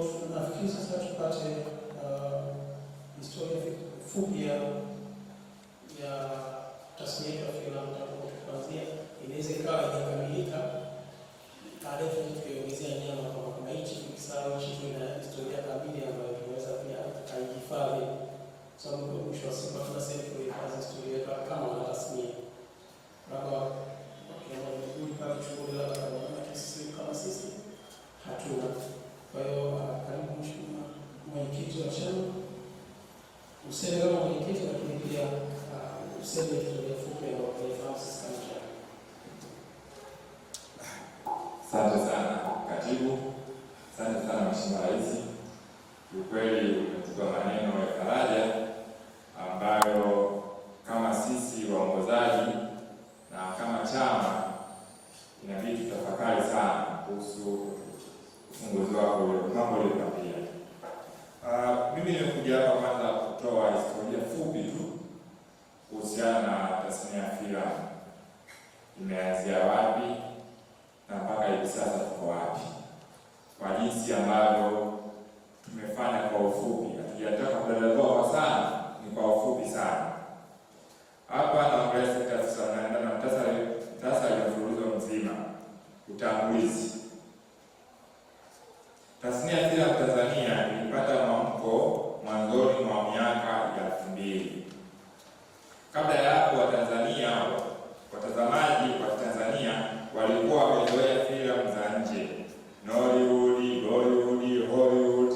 Nafikiri sasa tupate uh, historia fupi ya tasnia ya filamu kuanzia, inaweza ikawa haijakamilika, baadaye tukiongezea nyama kwamba kuna hichi historia kamili ambayo tunaweza pia sababu kwa mwisho wa siku sehemu historia yetu kama kama sisi hatuna kwa hiyo uh, karibu mheshimiwa mwenyekiti wa chama, useme kama mwenyekiti, lakini pia useme historia fupi ya taifa sisi Asante sana katibu, asante sana mheshimiwa rais, kiukweli umetupa maneno ya faraja ambayo kama sisi waongozaji na kama chama inabidi tutafakari sana kuhusu ufunguzi wako mambo ah, mimi nimekuja hapa kwanza kutoa historia fupi tu kuhusiana na tasnia ya filamu imeanzia wapi na mpaka hivi sasa tuko wapi, kwa jinsi ambavyo tumefanya kwa ufupi. Hatujataka sana, ni kwa ufupi sana. Hapa naongelea sekta ya sanaa na mfululizo mzima, utangulizi Tasnia ya filamu Tanzania ilipata mwamko mwanzoni mwa miaka ya elfu mbili. Kabla ya hapo, Watanzania watazamaji wa Tanzania walikuwa wamezoea filamu za nje, Nollywood, Bollywood, Hollywood,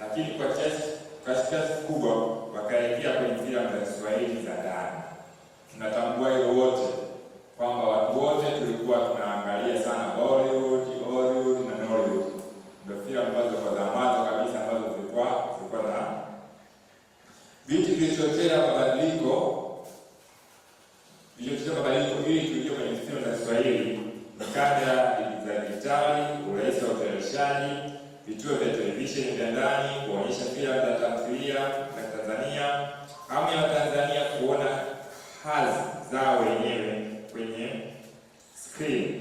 lakini kwa kiasi kikubwa wakaelekea kwenye filamu za Kiswahili za ndani. Tunatambua hiyo wote hali zao wenyewe kwenye screen,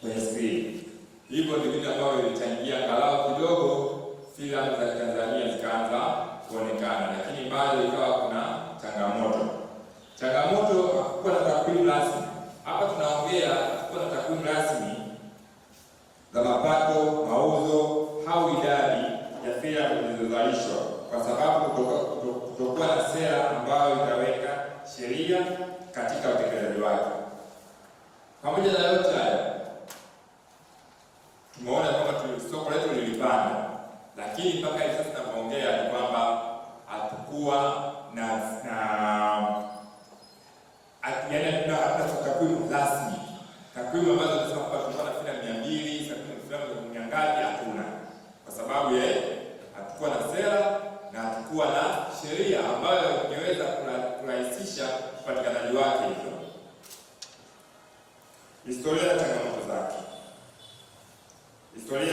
kwenye screen. Hivyo ni vitu ambavyo vilichangia angalau kidogo filamu za Tanzania zikaanza kuonekana, lakini bado ikawa kuna changamoto. Changamoto hakukuwa na takwimu rasmi. Hapa tunaongea hakukuwa na takwimu rasmi za mapato, mauzo au idadi ya filamu zilizozalishwa kwa sababu kutoka kutokuwa na sera ambayo itaweka sheria katika utekelezaji wake.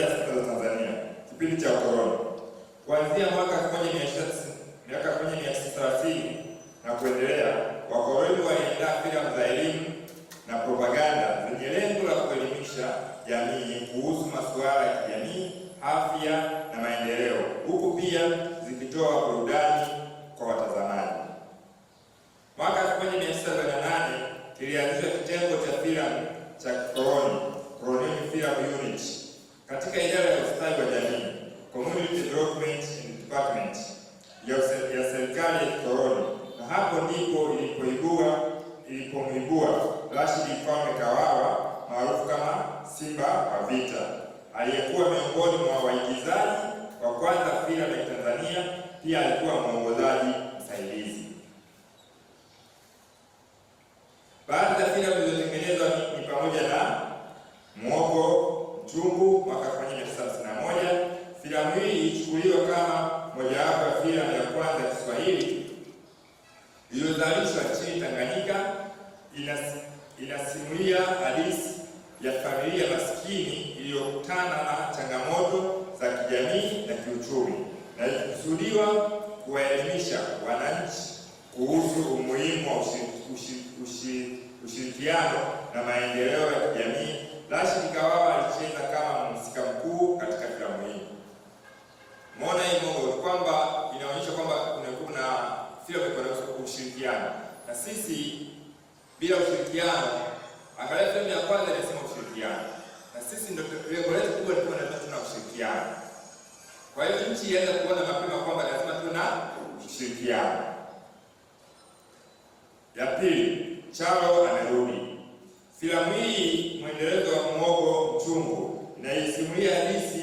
Afrika za Tanzania kipindi cha korona kuanzia mwaka 1930 na kuendelea, wakoloni waliandaa filamu za elimu na propaganda zenye lengo la kuelimisha jamii kuhusu masuala ya kijamii, afya na maendeleo, huku pia zikitoa burudani kwa watazamaji. Mwaka 1988 kilianzishwa kitengo cha filamu cha kikoloni katika idara ya ustawi wa jamii community development department ya serikali ya kikoloni, na hapo ndipo inasimulia halisi ya familia maskini iliyokutana na changamoto za kijamii na kiuchumi na ilikusudiwa kuwaelimisha wananchi kuhusu umuhimu wa ushirikiano na maendeleo ya kijamii. Rashid Kawawa alicheza kama mhusika mkuu katika filamu hii. Mona hivyo kwamba inaonyesha kwamba kuna filamu iko na ushirikiano na sisi bila ushirikiano. Angalia sehemu ya kwanza inasema ushirikiano, na sisi ndio lengo letu kubwa, tulikuwa tunataka tuna ushirikiano. Kwa hiyo nchi ianza kuona mapema kwamba lazima tuna ushirikiano. Ya pili, Charo amerudi. Filamu hii mwendelezo wa mwogo Mchungu na isimulia hadithi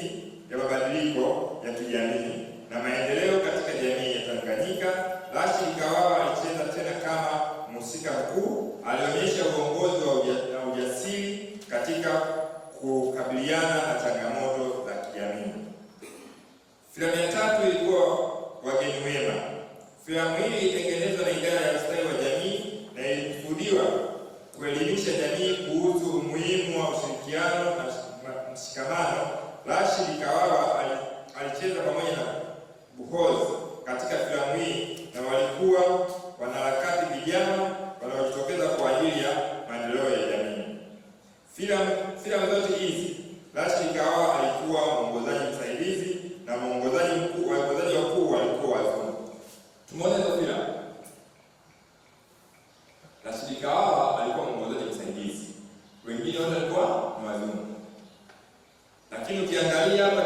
Filamu hii ilitengenezwa na idara ya ustawi wa jamii na ilikusudiwa kuelimisha jamii kuhusu umuhimu wa ushirikiano waliojiona kuwa ni wazungu, lakini ukiangalia hapa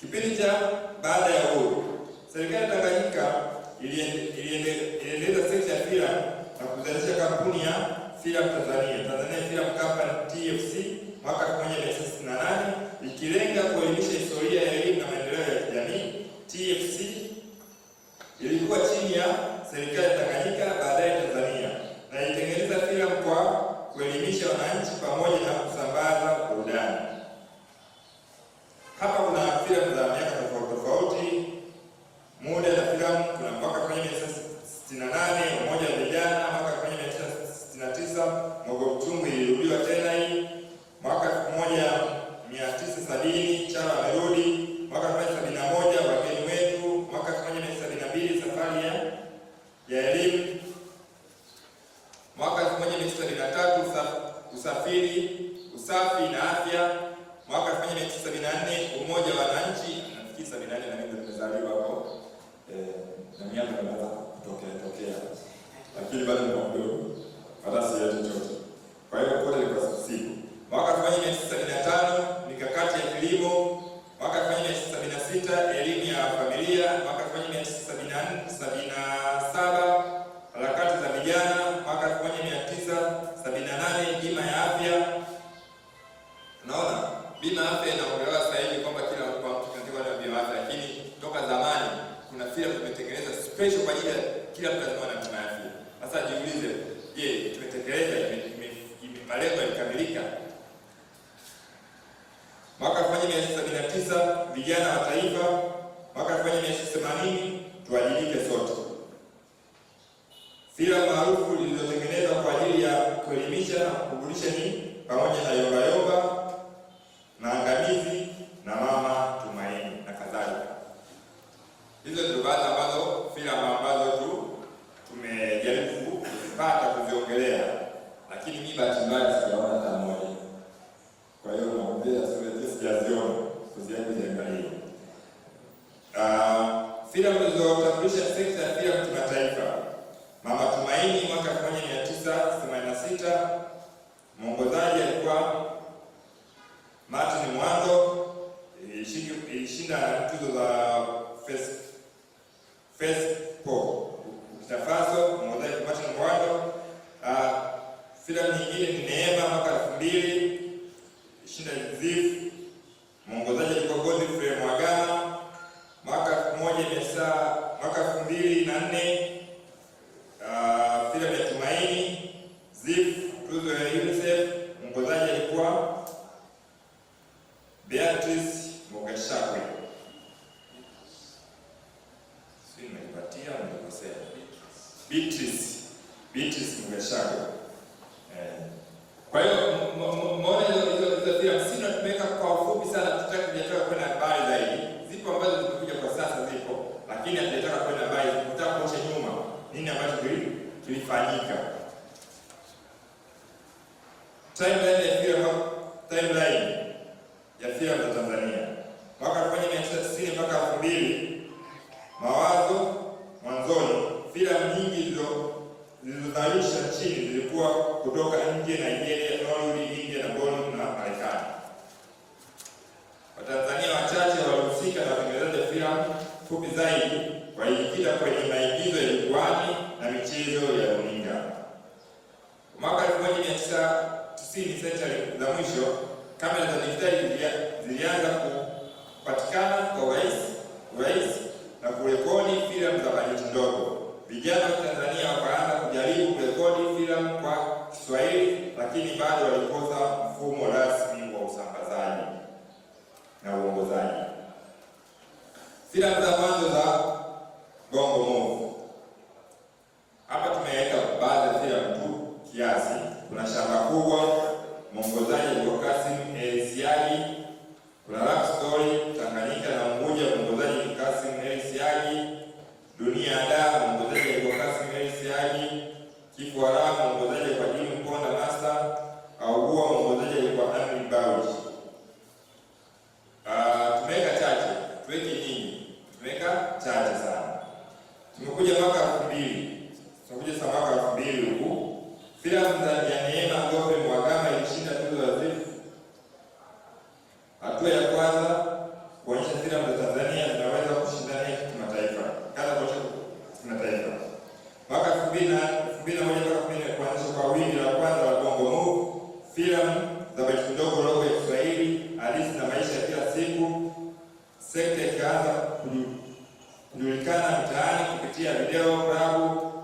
Kipindi cha baada ya uhuru, serikali ya Tanganyika iliendeleza sekta ya filamu na kuzalisha kampuni ya filamu Tanzania, Tanzania Film Company TFC, mwaka 1968 ikilenga kuelimisha historia ya elimu na maendeleo ya kijamii. TFC ilikuwa chini ya serikali ya Tanganyika, baadaye Tanzania, na ilitengeneza filamu kwa kuelimisha wananchi pamoja na kwenye vijana wa taifa mwaka 1980 tuwajibike sote. Filamu maarufu lililotengenezwa kwa ajili ya kuelimisha na kuburudisha ni pamoja na Yoga Yoga vile alikuwa Beatrice kutoka nje Nigeria, Norway, India na Gabon na Marekani. Watanzania wachache walihusika na utengenezaji filamu fupi zaidi walijikita kwenye maigizo ya jukwani na michezo ya runinga. Mwaka 1990 senchari za mwisho, kamera za dijitali zilianza kupatikana kwa urahisi na kurekodi filamu za bajeti ndogo. Vijana Silaha za mwanzo za gongo movu. Hapa tumeweka baadhi ya mtu kiasi. Kuna shamba kubwa, mwongozaji kwa Kasim El kuna love story, Tanganyika na Unguja, mwongozaji kwa Kasim El dunia da, mwongozaji kwa Kasim El Siagi, mwongozaji kwa Jimmy Mponda Master, augua, mwongozaji kwa Amri Bauchi. sekta ikaanza kujulikana mtaani kupitia video, klabu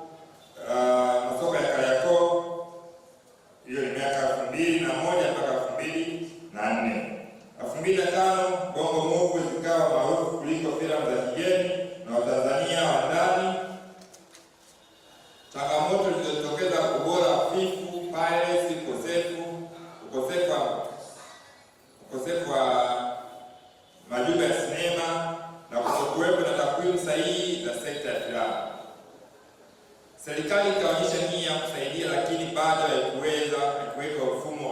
Serikali ikaonyesha nia ya kusaidia, lakini bado haikuweza haikuweka mfumo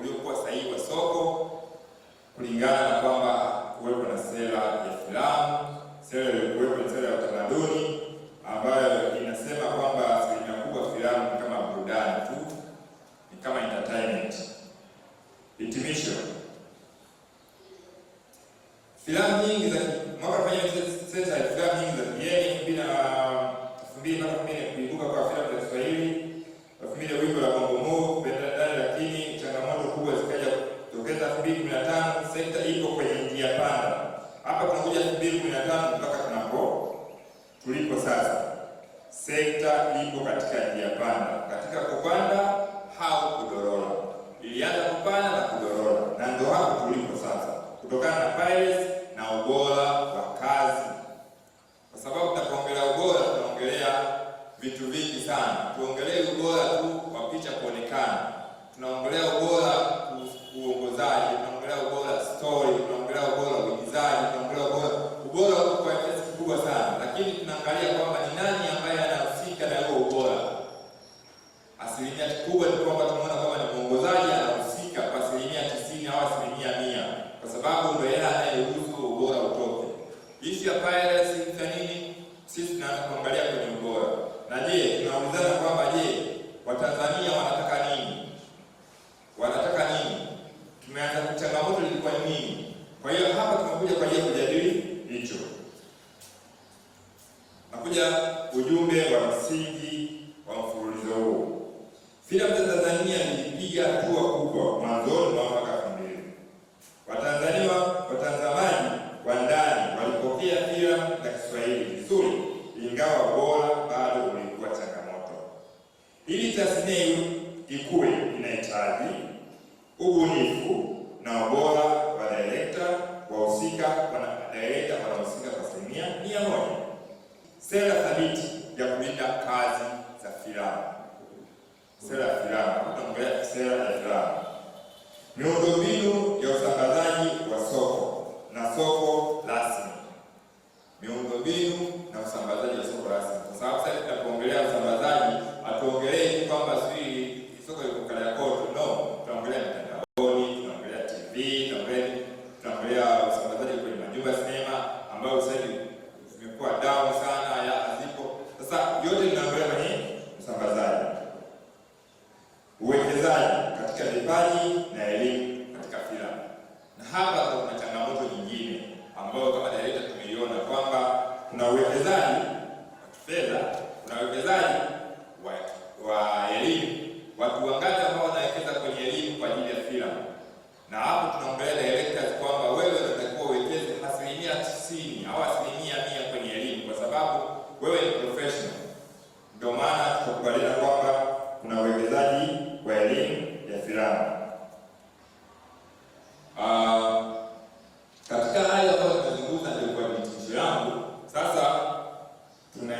uliokuwa sahihi wa soko, kulingana na kwamba kuwepo na sera ya filamu, sera iliyokuwepo ni sera ya utamaduni ambayo inasema kwamba asilimia kubwa filamu ni kama burudani tu, ni kama entertainment. Hitimisho, filamu nyingi za ujumbe wa msingi wa mfululizo huo. Filamu za Tanzania zilipiga hatua kubwa mwanzoni mwa mwaka elfu mbili. Watanzania watazamaji wa ndani walipokea filamu za Kiswahili vizuri, ingawa bora bado ulikuwa changamoto. Ili tasnia ikue, inahitaji ubunifu na ubora sera thabiti ya kulinda kazi za filamu, sera ya filamu, tunaongelea sera ya filamu miundombinu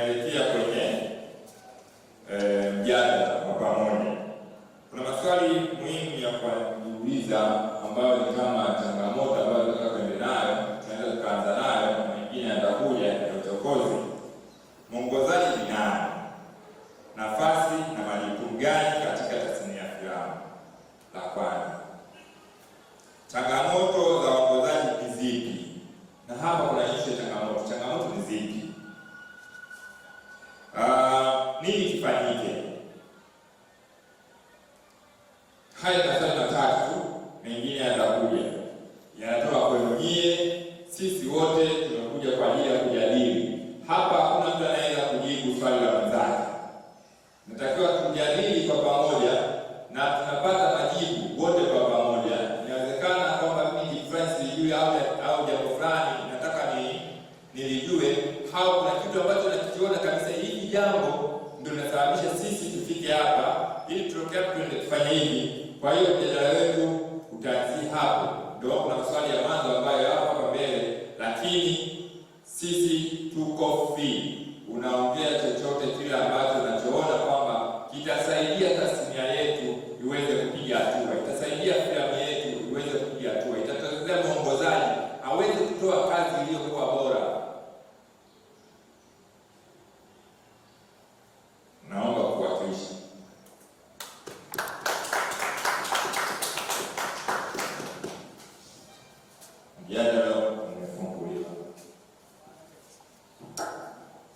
Haití a haya maswali matatu mengine yatakuja, yanatoka kwenu nyie. Sisi wote tumekuja kwa ajili ya kujadili hapa, hakuna mtu anaweza kujibu swali la mwenzake. Natakiwa tujadili kwa pamoja na tunapata majibu wote kwa pamoja. Inawezekana kwamba mimi fulani sijui au jambo fulani nataka ni nilijue, au kuna kitu ambacho nakikiona kabisa hili jambo ndio linasababisha sisi tufike hapa, ili tutokea tuende tufanye hivi kwa hiyo mjadala wetu utaanzia hapo. Ndio kuna maswali ya mwanzo ambayo yapo hapa mbele, lakini sisi tuko free.